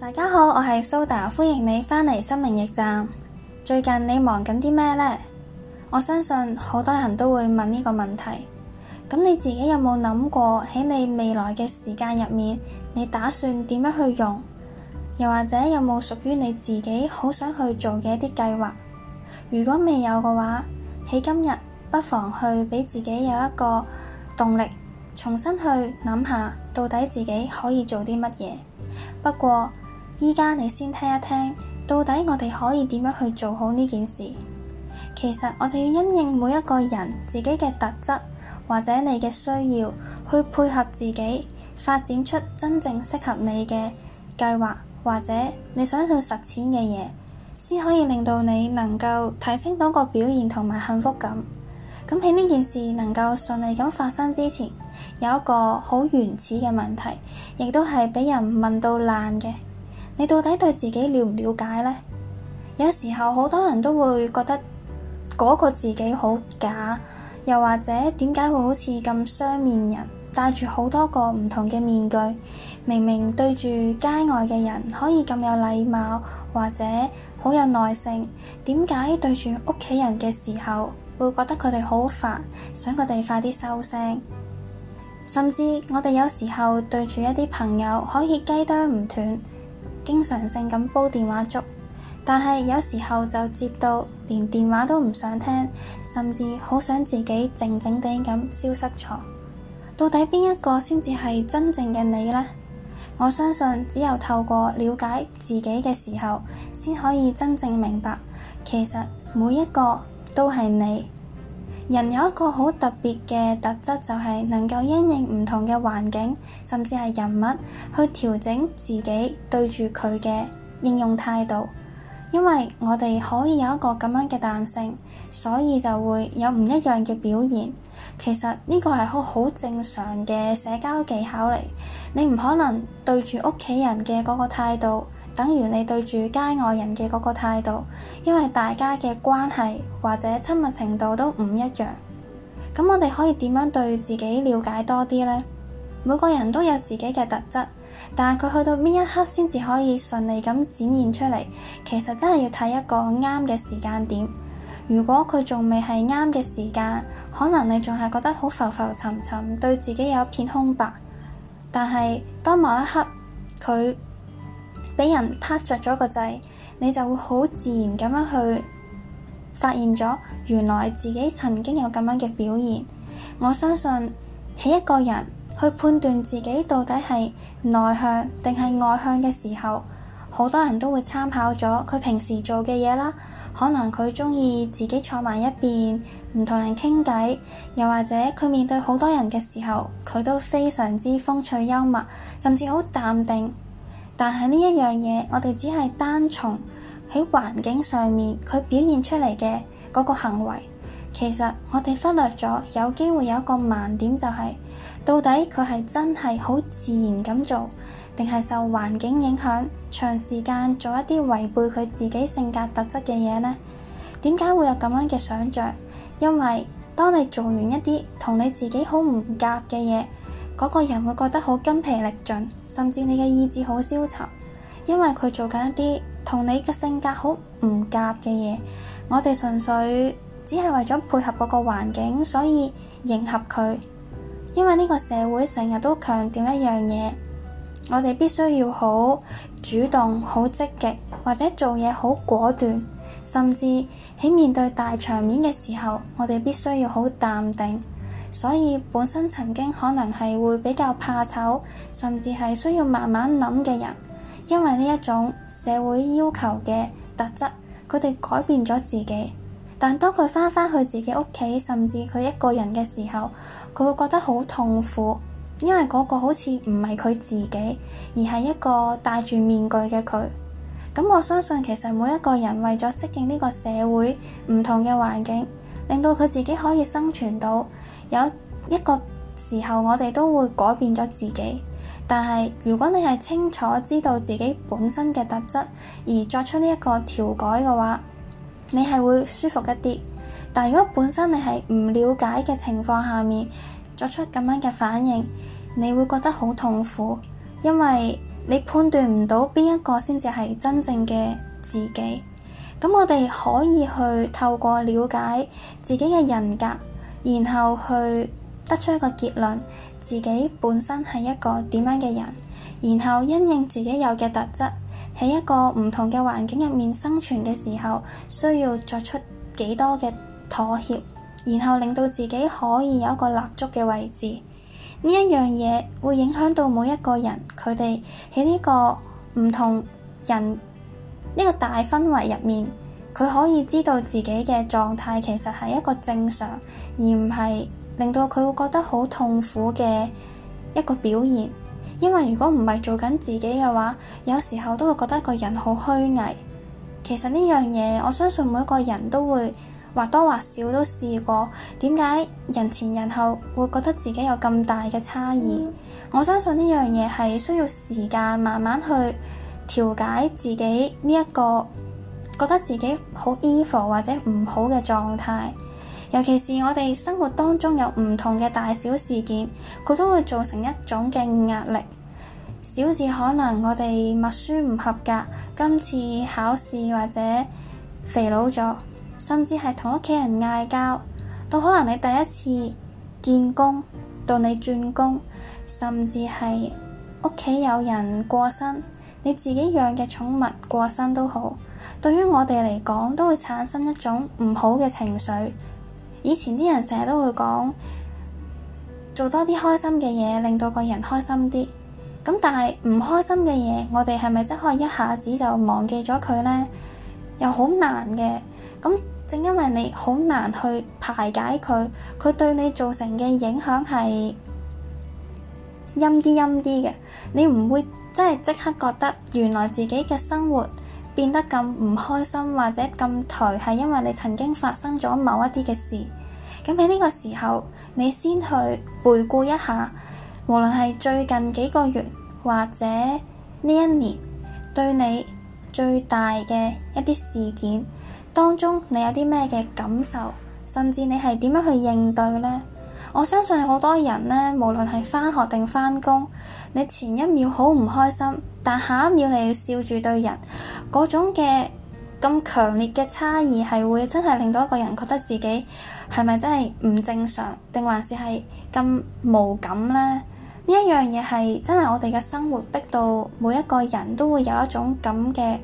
大家好，我係蘇達，歡迎你返嚟心靈驛站。最近你忙緊啲咩呢？我相信好多人都會問呢個問題。咁你自己有冇諗過喺你未來嘅時間入面，你打算點樣去用？又或者有冇屬於你自己好想去做嘅一啲計劃？如果未有嘅話，喺今日不妨去畀自己有一個動力，重新去諗下到底自己可以做啲乜嘢。不過，而家你先聽一聽，到底我哋可以點樣去做好呢件事？其實我哋要因應每一個人自己嘅特質，或者你嘅需要，去配合自己發展出真正適合你嘅計劃，或者你想做實踐嘅嘢，先可以令到你能夠提升到個表現同埋幸福感。咁喺呢件事能夠順利咁發生之前，有一個好原始嘅問題，亦都係畀人問到爛嘅。你到底對自己了唔了解呢？有時候好多人都會覺得嗰個自己好假，又或者點解會好似咁雙面人，戴住好多個唔同嘅面具？明明對住街外嘅人可以咁有禮貌，或者好有耐性，點解對住屋企人嘅時候會覺得佢哋好煩，想佢哋快啲收聲？甚至我哋有時候對住一啲朋友，可以雞啄唔斷。經常性咁煲電話粥，但係有時候就接到連電話都唔想聽，甚至好想自己靜靜地咁消失咗。到底邊一個先至係真正嘅你呢？我相信只有透過了解自己嘅時候，先可以真正明白，其實每一個都係你。人有一個好特別嘅特質，就係、是、能夠因應唔同嘅環境，甚至係人物去調整自己對住佢嘅應用態度。因為我哋可以有一個咁樣嘅彈性，所以就會有唔一樣嘅表現。其實呢、這個係好好正常嘅社交技巧嚟。你唔可能對住屋企人嘅嗰個態度。等於你對住街外人嘅嗰個態度，因為大家嘅關係或者親密程度都唔一樣。咁我哋可以點樣對自己了解多啲呢？每個人都有自己嘅特質，但係佢去到邊一刻先至可以順利咁展現出嚟，其實真係要睇一個啱嘅時間點。如果佢仲未係啱嘅時間，可能你仲係覺得好浮浮沉沉，對自己有一片空白。但係當某一刻佢。畀人拍着咗個掣，你就會好自然咁樣去發現咗，原來自己曾經有咁樣嘅表現。我相信喺一個人去判斷自己到底係內向定係外向嘅時候，好多人都會參考咗佢平時做嘅嘢啦。可能佢鍾意自己坐埋一邊，唔同人傾偈，又或者佢面對好多人嘅時候，佢都非常之風趣幽默，甚至好淡定。但係呢一樣嘢，我哋只係單從喺環境上面佢表現出嚟嘅嗰個行為，其實我哋忽略咗，有機會有一個盲點就係，到底佢係真係好自然咁做，定係受環境影響，長時間做一啲違背佢自己性格特質嘅嘢呢？點解會有咁樣嘅想象？因為當你做完一啲同你自己好唔夾嘅嘢。嗰個人會覺得好筋疲力盡，甚至你嘅意志好消沉，因為佢做緊一啲同你嘅性格好唔夾嘅嘢。我哋純粹只係為咗配合嗰個環境，所以迎合佢。因為呢個社會成日都強調一樣嘢，我哋必須要好主動、好積極，或者做嘢好果斷，甚至喺面對大場面嘅時候，我哋必須要好淡定。所以本身曾經可能係會比較怕醜，甚至係需要慢慢諗嘅人，因為呢一種社會要求嘅特質，佢哋改變咗自己。但當佢翻返去自己屋企，甚至佢一個人嘅時候，佢會覺得好痛苦，因為嗰個好似唔係佢自己，而係一個戴住面具嘅佢。咁我相信其實每一個人為咗適應呢個社會唔同嘅環境，令到佢自己可以生存到。有一個時候，我哋都會改變咗自己。但係，如果你係清楚知道自己本身嘅特質而作出呢一個調改嘅話，你係會舒服一啲。但如果本身你係唔了解嘅情況下面作出咁樣嘅反應，你會覺得好痛苦，因為你判斷唔到邊一個先至係真正嘅自己。咁我哋可以去透過了解自己嘅人格。然後去得出一個結論，自己本身係一個點樣嘅人，然後因應自己有嘅特質，喺一個唔同嘅環境入面生存嘅時候，需要作出幾多嘅妥協，然後令到自己可以有一個立足嘅位置。呢一樣嘢會影響到每一個人，佢哋喺呢個唔同人，呢個大氛圍入面。佢可以知道自己嘅狀態，其實係一個正常，而唔係令到佢會覺得好痛苦嘅一個表現。因為如果唔係做緊自己嘅話，有時候都會覺得個人好虛偽。其實呢樣嘢，我相信每一個人都會或多或少都試過，點解人前人後會覺得自己有咁大嘅差異。我相信呢樣嘢係需要時間慢慢去調解自己呢一個。覺得自己好 evil 或者唔好嘅狀態，尤其是我哋生活當中有唔同嘅大小事件，佢都會造成一種嘅壓力。小至可能我哋默書唔合格，今次考試或者肥佬咗，甚至係同屋企人嗌交，到可能你第一次見工，到你轉工，甚至係屋企有人過身，你自己養嘅寵物過身都好。對於我哋嚟講，都會產生一種唔好嘅情緒。以前啲人成日都會講，做多啲開心嘅嘢，令到個人開心啲。咁但係唔開心嘅嘢，我哋係咪即刻一下子就忘記咗佢呢？又好難嘅。咁正因為你好難去排解佢，佢對你造成嘅影響係陰啲陰啲嘅。你唔會即係即刻覺得原來自己嘅生活。變得咁唔開心或者咁頹，係因為你曾經發生咗某一啲嘅事。咁喺呢個時候，你先去回顧一下，無論係最近幾個月或者呢一年，對你最大嘅一啲事件當中，你有啲咩嘅感受，甚至你係點樣去應對呢？我相信好多人呢，無論係返學定返工，你前一秒好唔開心，但下一秒你要笑住對人，嗰種嘅咁強烈嘅差異係會真係令到一個人覺得自己係咪真係唔正常，定還是係咁無感呢？呢一樣嘢係真係我哋嘅生活逼到每一個人都會有一種咁嘅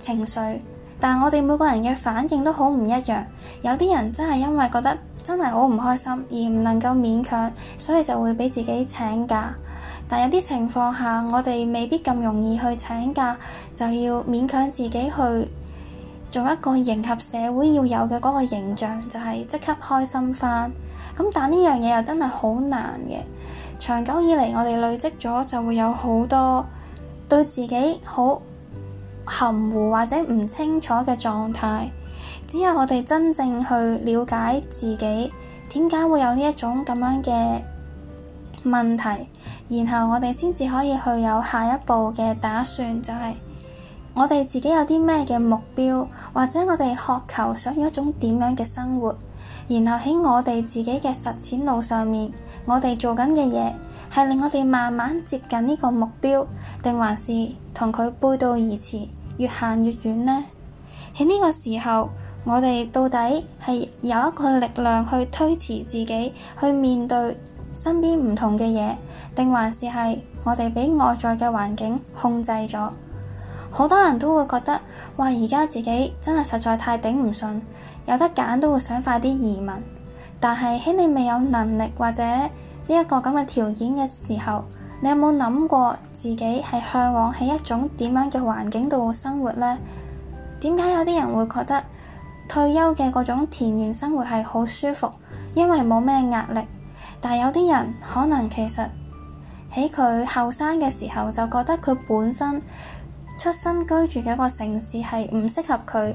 情緒，但我哋每個人嘅反應都好唔一樣。有啲人真係因為覺得真係好唔開心，而唔能夠勉強，所以就會畀自己請假。但有啲情況下，我哋未必咁容易去請假，就要勉強自己去做一個迎合社會要有嘅嗰個形象，就係即刻開心翻。咁但呢樣嘢又真係好難嘅。長久以嚟，我哋累積咗就會有好多對自己好含糊或者唔清楚嘅狀態。只有我哋真正去了解自己，點解會有呢一種咁樣嘅問題，然後我哋先至可以去有下一步嘅打算，就係我哋自己有啲咩嘅目標，或者我哋渴求想要一種點樣嘅生活，然後喺我哋自己嘅實踐路上面，我哋做緊嘅嘢係令我哋慢慢接近呢個目標，定還是同佢背道而馳，越行越遠呢？喺呢個時候，我哋到底係有一個力量去推遲自己去面對身邊唔同嘅嘢，定還是係我哋畀外在嘅環境控制咗？好多人都會覺得，嘩，而家自己真係實在太頂唔順，有得揀都會想快啲移民。但係喺你未有能力或者呢一個咁嘅條件嘅時候，你有冇諗過自己係向往喺一種點樣嘅環境度生活呢？點解有啲人會覺得退休嘅嗰種田園生活係好舒服，因為冇咩壓力。但係有啲人可能其實喺佢後生嘅時候就覺得佢本身出身居住嘅一個城市係唔適合佢，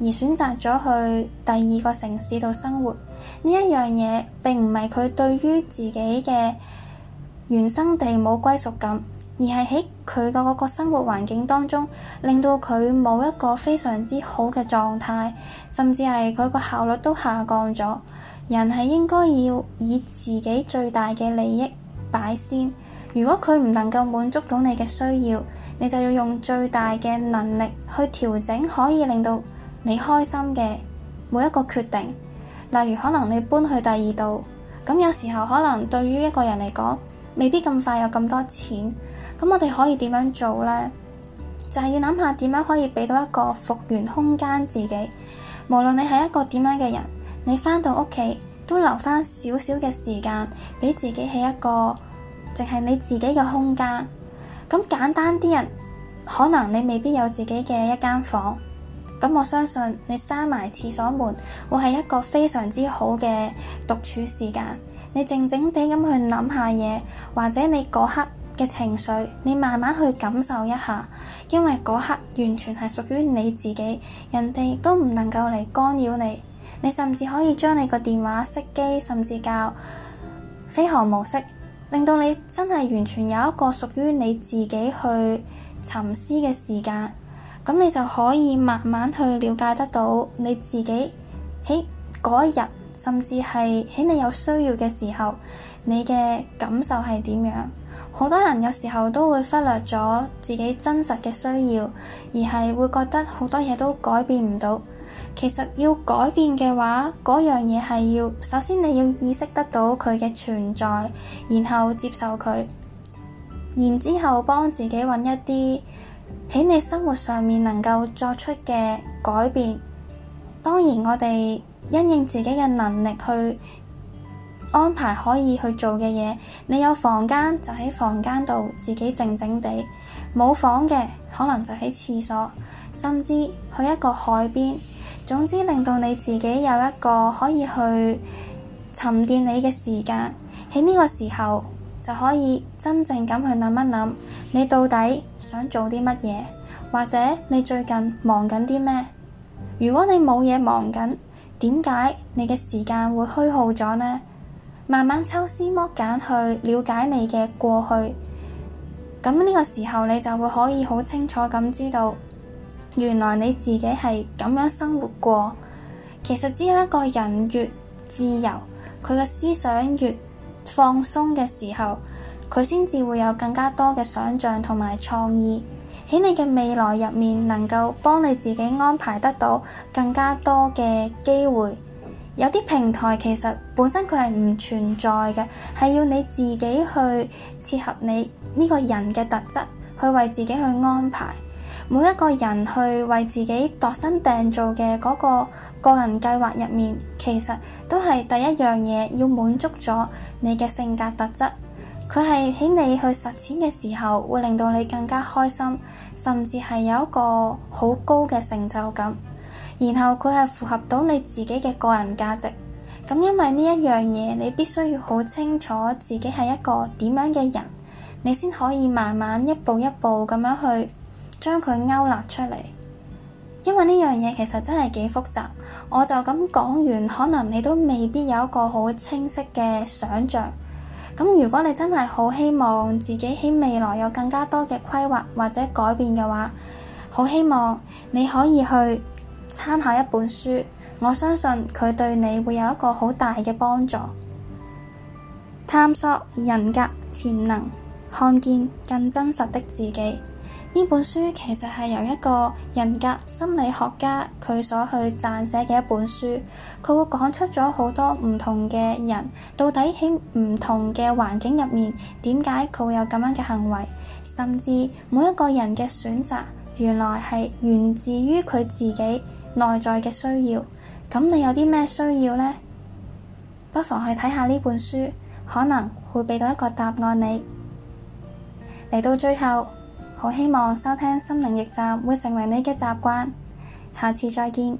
而選擇咗去第二個城市度生活。呢一樣嘢並唔係佢對於自己嘅原生地冇歸屬感，而係喺。佢個嗰個生活環境當中，令到佢冇一個非常之好嘅狀態，甚至係佢個效率都下降咗。人係應該要以自己最大嘅利益擺先。如果佢唔能夠滿足到你嘅需要，你就要用最大嘅能力去調整，可以令到你開心嘅每一個決定。例如，可能你搬去第二度咁，有時候可能對於一個人嚟講，未必咁快有咁多錢。咁我哋可以點樣做咧？就係要諗下點樣可以畀到一個復原空間自己。無論你係一個點樣嘅人，你返到屋企都留翻少少嘅時間畀自己喺一個淨係你自己嘅空間。咁簡單啲人可能你未必有自己嘅一間房，咁我相信你閂埋廁所門會係一個非常之好嘅獨處時間。你靜靜地咁去諗下嘢，或者你嗰刻嘅情緒，你慢慢去感受一下，因為嗰刻完全係屬於你自己，人哋都唔能夠嚟干擾你。你甚至可以將你個電話熄機，甚至較飛航模式，令到你真係完全有一個屬於你自己去沉思嘅時間。咁你就可以慢慢去了解得到你自己喺嗰一日，甚至係喺你有需要嘅時候，你嘅感受係點樣。好多人有時候都會忽略咗自己真實嘅需要，而係會覺得好多嘢都改變唔到。其實要改變嘅話，嗰樣嘢係要首先你要意識得到佢嘅存在，然後接受佢，然之後幫自己揾一啲喺你生活上面能夠作出嘅改變。當然，我哋因應自己嘅能力去。安排可以去做嘅嘢。你有房間就喺房間度自己靜靜地，冇房嘅可能就喺廁所，甚至去一個海邊。總之令到你自己有一個可以去沉澱你嘅時間。喺呢個時候就可以真正咁去諗一諗，你到底想做啲乜嘢，或者你最近忙緊啲咩？如果你冇嘢忙緊，點解你嘅時間會虛耗咗呢？慢慢抽絲剝繭去了解你嘅過去，咁呢個時候你就會可以好清楚咁知道，原來你自己係咁樣生活過。其實只有一個人越自由，佢嘅思想越放鬆嘅時候，佢先至會有更加多嘅想象同埋創意，喺你嘅未來入面能夠幫你自己安排得到更加多嘅機會。有啲平台其實本身佢係唔存在嘅，係要你自己去切合你呢個人嘅特質，去為自己去安排。每一個人去為自己度身訂造嘅嗰個個人計劃入面，其實都係第一樣嘢要滿足咗你嘅性格特質。佢係喺你去實踐嘅時候，會令到你更加開心，甚至係有一個好高嘅成就感。然後佢係符合到你自己嘅個人價值咁。因為呢一樣嘢，你必須要好清楚自己係一個點樣嘅人，你先可以慢慢一步一步咁樣去將佢勾勒出嚟。因為呢樣嘢其實真係幾複雜，我就咁講完，可能你都未必有一個好清晰嘅想象。咁如果你真係好希望自己喺未來有更加多嘅規劃或者改變嘅話，好希望你可以去。參考一本書，我相信佢對你會有一個好大嘅幫助。探索人格潛能，看見更真實的自己。呢本書其實係由一個人格心理學家佢所去撰寫嘅一本書。佢會講出咗好多唔同嘅人，到底喺唔同嘅環境入面，點解佢會有咁樣嘅行為，甚至每一個人嘅選擇，原來係源自於佢自己。內在嘅需要，咁你有啲咩需要呢？不妨去睇下呢本書，可能會畀到一個答案你。嚟到最後，好希望收聽心靈驛站會成為你嘅習慣。下次再見。